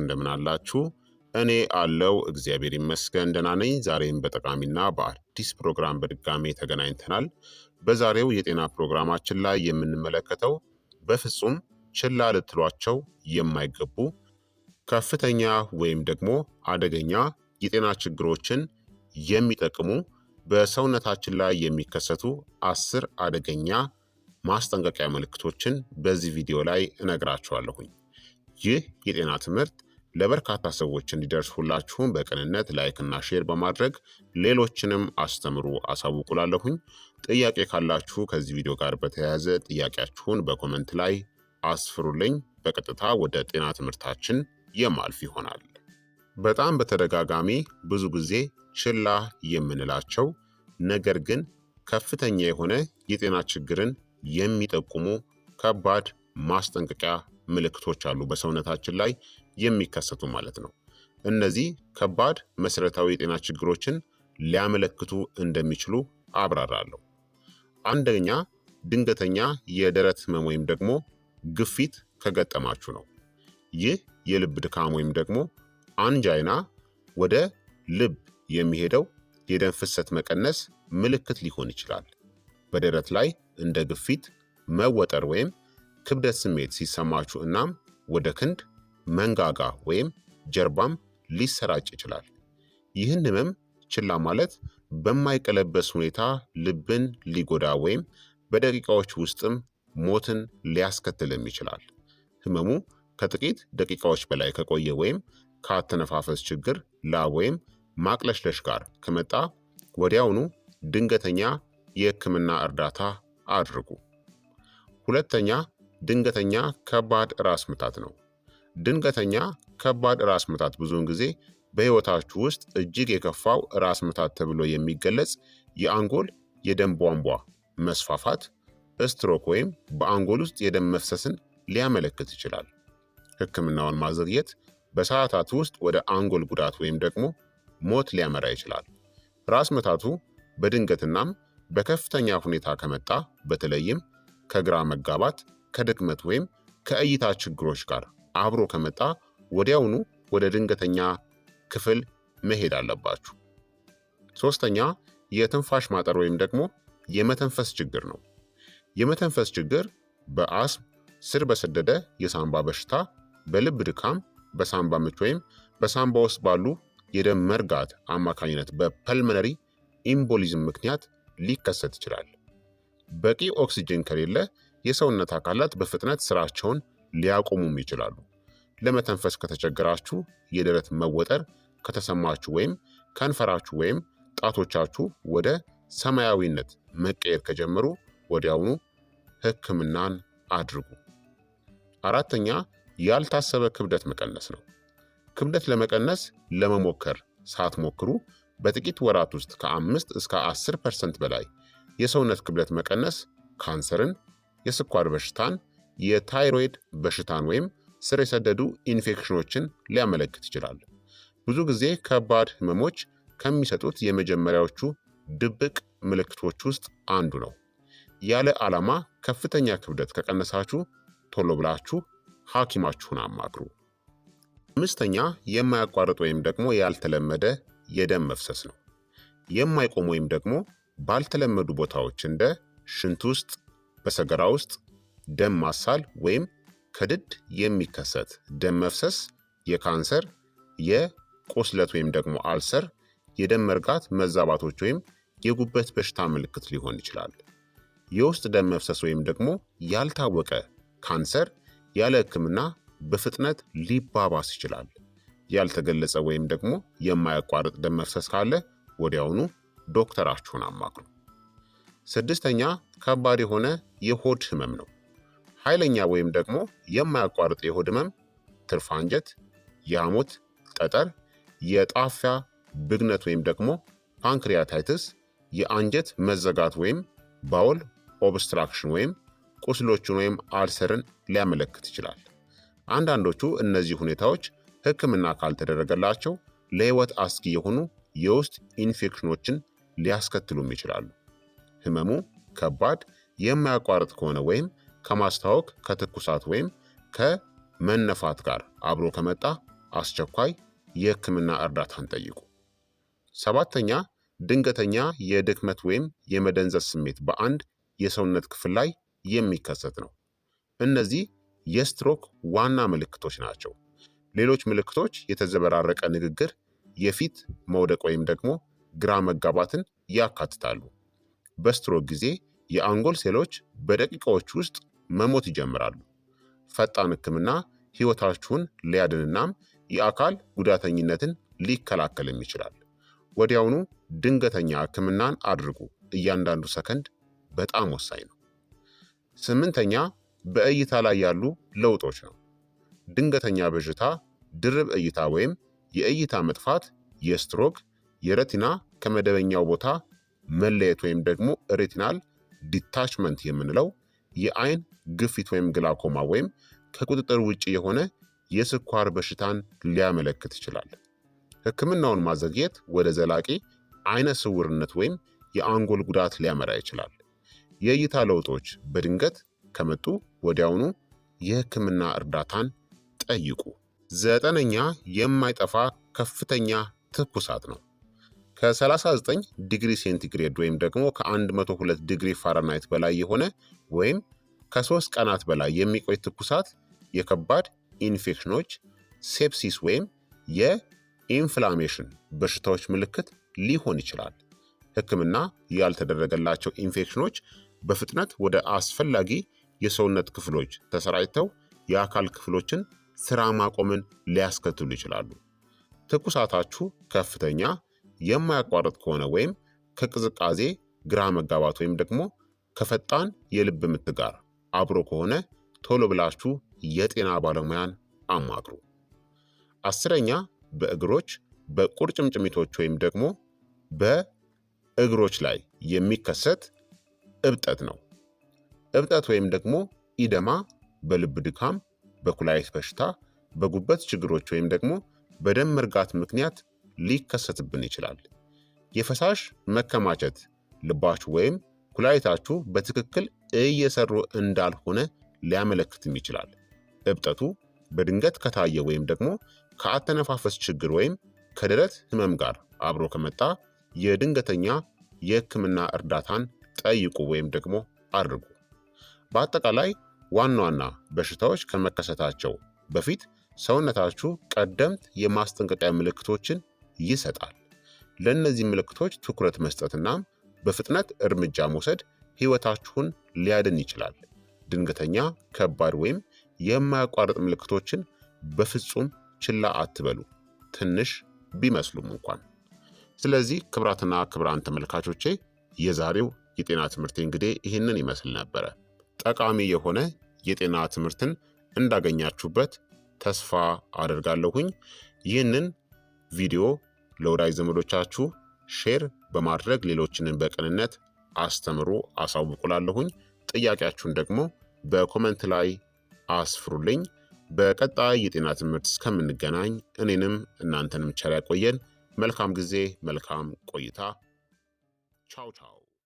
እንደምን አላችሁ? እኔ አለው እግዚአብሔር ይመስገን ደህና ነኝ። ዛሬም በጠቃሚና በአዲስ ፕሮግራም በድጋሜ ተገናኝተናል። በዛሬው የጤና ፕሮግራማችን ላይ የምንመለከተው በፍጹም ችላ ልትሏቸው የማይገቡ ከፍተኛ ወይም ደግሞ አደገኛ የጤና ችግሮችን የሚጠቅሙ በሰውነታችን ላይ የሚከሰቱ አስር አደገኛ ማስጠንቀቂያ ምልክቶችን በዚህ ቪዲዮ ላይ እነግራችኋለሁኝ። ይህ የጤና ትምህርት ለበርካታ ሰዎች እንዲደርስ ሁላችሁም በቅንነት ላይክና ሼር በማድረግ ሌሎችንም አስተምሩ አሳውቁላለሁኝ። ጥያቄ ካላችሁ ከዚህ ቪዲዮ ጋር በተያያዘ ጥያቄያችሁን በኮመንት ላይ አስፍሩልኝ። በቀጥታ ወደ ጤና ትምህርታችን የማልፍ ይሆናል። በጣም በተደጋጋሚ ብዙ ጊዜ ችላ የምንላቸው ነገር ግን ከፍተኛ የሆነ የጤና ችግርን የሚጠቁሙ ከባድ ማስጠንቀቂያ ምልክቶች አሉ በሰውነታችን ላይ የሚከሰቱ ማለት ነው። እነዚህ ከባድ መሰረታዊ የጤና ችግሮችን ሊያመለክቱ እንደሚችሉ አብራራለሁ። አንደኛ ድንገተኛ የደረት ህመም ወይም ደግሞ ግፊት ከገጠማችሁ ነው። ይህ የልብ ድካም ወይም ደግሞ አንጃይና ወደ ልብ የሚሄደው የደም ፍሰት መቀነስ ምልክት ሊሆን ይችላል። በደረት ላይ እንደ ግፊት፣ መወጠር ወይም ክብደት ስሜት ሲሰማችሁ እናም ወደ ክንድ መንጋጋ ወይም ጀርባም ሊሰራጭ ይችላል። ይህን ህመም ችላ ማለት በማይቀለበስ ሁኔታ ልብን ሊጎዳ ወይም በደቂቃዎች ውስጥም ሞትን ሊያስከትልም ይችላል። ህመሙ ከጥቂት ደቂቃዎች በላይ ከቆየ ወይም ከአተነፋፈስ ችግር፣ ላብ ወይም ማቅለሽለሽ ጋር ከመጣ ወዲያውኑ ድንገተኛ የህክምና እርዳታ አድርጉ። ሁለተኛ ድንገተኛ ከባድ ራስ ምታት ነው። ድንገተኛ ከባድ ራስ ምታት ብዙውን ጊዜ በሕይወታችሁ ውስጥ እጅግ የከፋው ራስ ምታት ተብሎ የሚገለጽ የአንጎል የደም ቧንቧ መስፋፋት ስትሮክ ወይም በአንጎል ውስጥ የደም መፍሰስን ሊያመለክት ይችላል። ሕክምናውን ማዘግየት በሰዓታት ውስጥ ወደ አንጎል ጉዳት ወይም ደግሞ ሞት ሊያመራ ይችላል። ራስ ምታቱ በድንገትናም በከፍተኛ ሁኔታ ከመጣ በተለይም ከግራ መጋባት ከድክመት ወይም ከእይታ ችግሮች ጋር አብሮ ከመጣ ወዲያውኑ ወደ ድንገተኛ ክፍል መሄድ አለባችሁ። ሶስተኛ የትንፋሽ ማጠር ወይም ደግሞ የመተንፈስ ችግር ነው። የመተንፈስ ችግር በአስም፣ ስር በሰደደ የሳንባ በሽታ፣ በልብ ድካም፣ በሳንባ ምች ወይም በሳንባ ውስጥ ባሉ የደም መርጋት አማካኝነት በፐልመነሪ ኢምቦሊዝም ምክንያት ሊከሰት ይችላል። በቂ ኦክሲጅን ከሌለ የሰውነት አካላት በፍጥነት ስራቸውን ሊያቆሙም ይችላሉ። ለመተንፈስ ከተቸገራችሁ፣ የደረት መወጠር ከተሰማችሁ ወይም ከንፈራችሁ ወይም ጣቶቻችሁ ወደ ሰማያዊነት መቀየር ከጀመሩ ወዲያውኑ ሕክምናን አድርጉ። አራተኛ ያልታሰበ ክብደት መቀነስ ነው። ክብደት ለመቀነስ ለመሞከር ሳትሞክሩ በጥቂት ወራት ውስጥ ከአምስት እስከ 10 ፐርሰንት በላይ የሰውነት ክብደት መቀነስ ካንሰርን የስኳር በሽታን፣ የታይሮይድ በሽታን ወይም ስር የሰደዱ ኢንፌክሽኖችን ሊያመለክት ይችላል። ብዙ ጊዜ ከባድ ህመሞች ከሚሰጡት የመጀመሪያዎቹ ድብቅ ምልክቶች ውስጥ አንዱ ነው። ያለ ዓላማ ከፍተኛ ክብደት ከቀነሳችሁ ቶሎ ብላችሁ ሐኪማችሁን አማክሩ። አምስተኛ የማያቋርጥ ወይም ደግሞ ያልተለመደ የደም መፍሰስ ነው። የማይቆም ወይም ደግሞ ባልተለመዱ ቦታዎች እንደ ሽንት ውስጥ፣ በሰገራ ውስጥ ደም ማሳል ወይም ከድድ የሚከሰት ደም መፍሰስ የካንሰር፣ የቁስለት ወይም ደግሞ አልሰር፣ የደም መርጋት መዛባቶች ወይም የጉበት በሽታ ምልክት ሊሆን ይችላል። የውስጥ ደም መፍሰስ ወይም ደግሞ ያልታወቀ ካንሰር ያለ ሕክምና በፍጥነት ሊባባስ ይችላል። ያልተገለጸ ወይም ደግሞ የማያቋርጥ ደም መፍሰስ ካለ ወዲያውኑ ዶክተራችሁን አማክሩ። ስድስተኛ ከባድ የሆነ የሆድ ህመም ነው። ኃይለኛ ወይም ደግሞ የማያቋርጥ የሆድ ህመም ትርፍ አንጀት፣ የሐሞት ጠጠር፣ የጣፊያ ብግነት ወይም ደግሞ ፓንክሪያታይትስ፣ የአንጀት መዘጋት ወይም ባውል ኦብስትራክሽን ወይም ቁስሎችን ወይም አልሰርን ሊያመለክት ይችላል። አንዳንዶቹ እነዚህ ሁኔታዎች ህክምና ካልተደረገላቸው ለህይወት አስጊ የሆኑ የውስጥ ኢንፌክሽኖችን ሊያስከትሉም ይችላሉ። ህመሙ ከባድ የማያቋርጥ ከሆነ ወይም ከማስታወክ ከትኩሳት ወይም ከመነፋት ጋር አብሮ ከመጣ አስቸኳይ የህክምና እርዳታን ጠይቁ። ሰባተኛ ድንገተኛ የድክመት ወይም የመደንዘዝ ስሜት በአንድ የሰውነት ክፍል ላይ የሚከሰት ነው። እነዚህ የስትሮክ ዋና ምልክቶች ናቸው። ሌሎች ምልክቶች የተዘበራረቀ ንግግር፣ የፊት መውደቅ ወይም ደግሞ ግራ መጋባትን ያካትታሉ። በስትሮክ ጊዜ የአንጎል ሴሎች በደቂቃዎች ውስጥ መሞት ይጀምራሉ። ፈጣን ህክምና ህይወታችሁን ሊያድንናም የአካል ጉዳተኝነትን ሊከላከልም ይችላል። ወዲያውኑ ድንገተኛ ህክምናን አድርጉ። እያንዳንዱ ሰከንድ በጣም ወሳኝ ነው። ስምንተኛ በእይታ ላይ ያሉ ለውጦች ነው። ድንገተኛ በሽታ፣ ድርብ እይታ ወይም የእይታ መጥፋት የስትሮክ የረቲና ከመደበኛው ቦታ መለየት ወይም ደግሞ ሬቲናል ዲታችመንት የምንለው የአይን ግፊት ወይም ግላኮማ ወይም ከቁጥጥር ውጭ የሆነ የስኳር በሽታን ሊያመለክት ይችላል። ሕክምናውን ማዘግየት ወደ ዘላቂ አይነ ስውርነት ወይም የአንጎል ጉዳት ሊያመራ ይችላል። የእይታ ለውጦች በድንገት ከመጡ ወዲያውኑ የሕክምና እርዳታን ጠይቁ። ዘጠነኛ የማይጠፋ ከፍተኛ ትኩሳት ነው። ከ39 ዲግሪ ሴንቲግሬድ ወይም ደግሞ ከ102 ዲግሪ ፋራናይት በላይ የሆነ ወይም ከሶስት ቀናት በላይ የሚቆይ ትኩሳት የከባድ ኢንፌክሽኖች ሴፕሲስ ወይም የኢንፍላሜሽን በሽታዎች ምልክት ሊሆን ይችላል። ሕክምና ያልተደረገላቸው ኢንፌክሽኖች በፍጥነት ወደ አስፈላጊ የሰውነት ክፍሎች ተሰራጭተው የአካል ክፍሎችን ስራ ማቆምን ሊያስከትሉ ይችላሉ። ትኩሳታችሁ ከፍተኛ የማያቋርጥ ከሆነ ወይም ከቅዝቃዜ ግራ መጋባት ወይም ደግሞ ከፈጣን የልብ ምት ጋር አብሮ ከሆነ ቶሎ ብላችሁ የጤና ባለሙያን አማክሩ። አስረኛ በእግሮች በቁርጭምጭሚቶች ወይም ደግሞ በእግሮች ላይ የሚከሰት እብጠት ነው። እብጠት ወይም ደግሞ ኢደማ በልብ ድካም፣ በኩላሊት በሽታ፣ በጉበት ችግሮች ወይም ደግሞ በደም መርጋት ምክንያት ሊከሰትብን ይችላል። የፈሳሽ መከማቸት ልባችሁ ወይም ኩላሊታችሁ በትክክል እየሰሩ እንዳልሆነ ሊያመለክትም ይችላል። እብጠቱ በድንገት ከታየ ወይም ደግሞ ከአተነፋፈስ ችግር ወይም ከደረት ህመም ጋር አብሮ ከመጣ የድንገተኛ የህክምና እርዳታን ጠይቁ ወይም ደግሞ አድርጉ። በአጠቃላይ ዋና ዋና በሽታዎች ከመከሰታቸው በፊት ሰውነታችሁ ቀደምት የማስጠንቀቂያ ምልክቶችን ይሰጣል። ለእነዚህ ምልክቶች ትኩረት መስጠትና በፍጥነት እርምጃ መውሰድ ህይወታችሁን ሊያድን ይችላል። ድንገተኛ፣ ከባድ ወይም የማያቋርጥ ምልክቶችን በፍጹም ችላ አትበሉ፣ ትንሽ ቢመስሉም እንኳን። ስለዚህ ክብራትና ክብራን ተመልካቾቼ የዛሬው የጤና ትምህርት እንግዲህ ይህንን ይመስል ነበረ። ጠቃሚ የሆነ የጤና ትምህርትን እንዳገኛችሁበት ተስፋ አደርጋለሁኝ። ይህንን ቪዲዮ ለወዳጅ ዘመዶቻችሁ ሼር በማድረግ ሌሎችንን በቅንነት አስተምሩ፣ አሳውቁላለሁኝ። ጥያቄያችሁን ደግሞ በኮመንት ላይ አስፍሩልኝ። በቀጣይ የጤና ትምህርት እስከምንገናኝ እኔንም እናንተንም ቸር ያቆየን። መልካም ጊዜ፣ መልካም ቆይታ። ቻው ቻው።